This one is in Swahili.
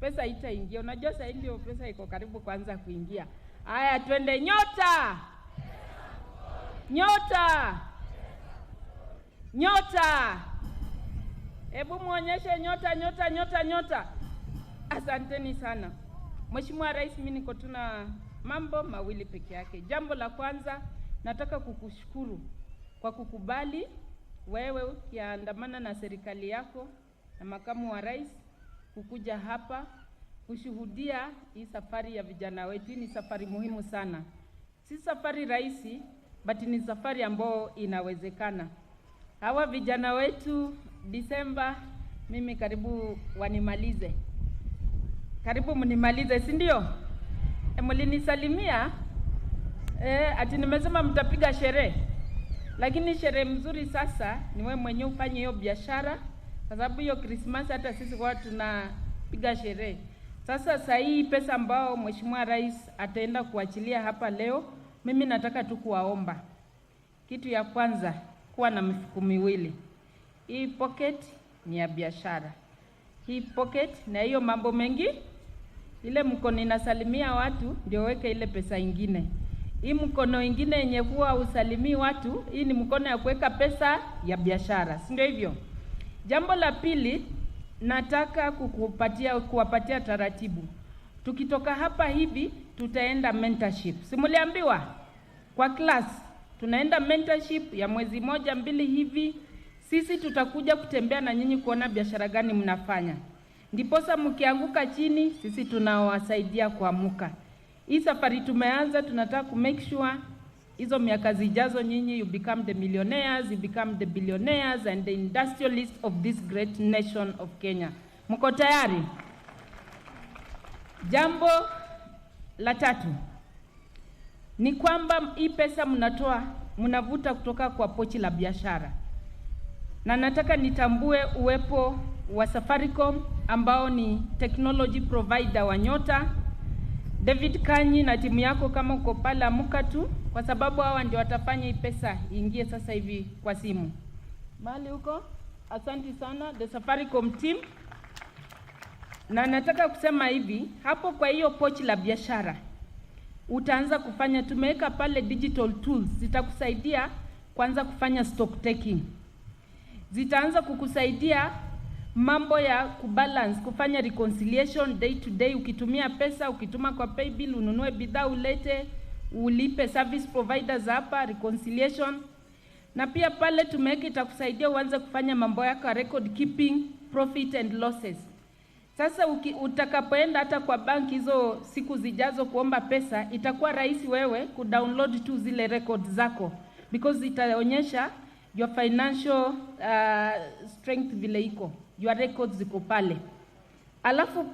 pesa itaingia. Unajua sasa ndio pesa iko karibu kuanza kuingia. Haya, twende nyota nyota nyota, hebu muonyeshe nyota nyota nyota nyota. Asanteni sana Mheshimiwa Rais, mimi niko tuna mambo mawili peke yake. Jambo la kwanza nataka kukushukuru kwa kukubali wewe ukiandamana na serikali yako na makamu wa rais kukuja hapa kushuhudia hii safari ya vijana wetu. Ni safari muhimu sana, si safari rahisi, but ni safari ambayo inawezekana. Hawa vijana wetu Disemba, mimi karibu wanimalize, karibu mnimalize, si ndio? E, mlinisalimia e, ati nimesema mtapiga sherehe, lakini sherehe mzuri. Sasa ni wewe mwenyewe ufanye hiyo biashara kwa sababu hiyo Krismasi hata sisi kwa tunapiga sherehe. Sasa saa hii pesa ambao Mheshimiwa Rais ataenda kuachilia hapa leo, mimi nataka tu kuwaomba kitu ya kwanza, kuwa na mifuko miwili. Hii pocket ni ya biashara, hii pocket na hiyo mambo mengi. Ile mkono inasalimia watu, ndio weke ile pesa ingine. Hii mkono ingine yenye kuwa usalimii watu, hii ni mkono ya kuweka pesa ya biashara, si ndio hivyo? Jambo la pili nataka kukupatia kuwapatia taratibu. Tukitoka hapa hivi tutaenda mentorship. Simuliambiwa kwa class tunaenda mentorship ya mwezi moja mbili hivi. Sisi tutakuja kutembea na nyinyi kuona biashara gani mnafanya, ndiposa mkianguka chini, sisi tunawasaidia kuamuka. Hii safari tumeanza, tunataka kumake sure hizo miaka zijazo nyinyi you become the millionaires, you become the billionaires and the industrialist of this great nation of Kenya. Mko tayari? Jambo la tatu ni kwamba hii pesa mnatoa mnavuta kutoka kwa pochi la biashara, na nataka nitambue uwepo wa Safaricom ambao ni technology provider wa Nyota David Kanyi na timu yako kama uko pale amka tu, kwa sababu hawa ndio watafanya hii pesa iingie sasa hivi kwa simu mahali huko. Asante sana the Safaricom team, na nataka kusema hivi hapo, kwa hiyo pochi la biashara utaanza kufanya, tumeweka pale digital tools zitakusaidia kwanza kufanya stock taking, zitaanza kukusaidia mambo ya kubalance, kufanya reconciliation day to day, ukitumia pesa, ukituma kwa bill, ununue bidhaa, ulete ulipe service providers hapa, reconciliation. Na pia pale tumeweka itakusaidia uanze kufanya mambo yako ya record keeping, profit and losses. Sasa uki, utakapoenda hata kwa bank hizo siku zijazo kuomba pesa, itakuwa rahisi wewe kudownload tu zile record zako because itaonyesha your financial uh, strength vile iko. your records ziko pale, alafu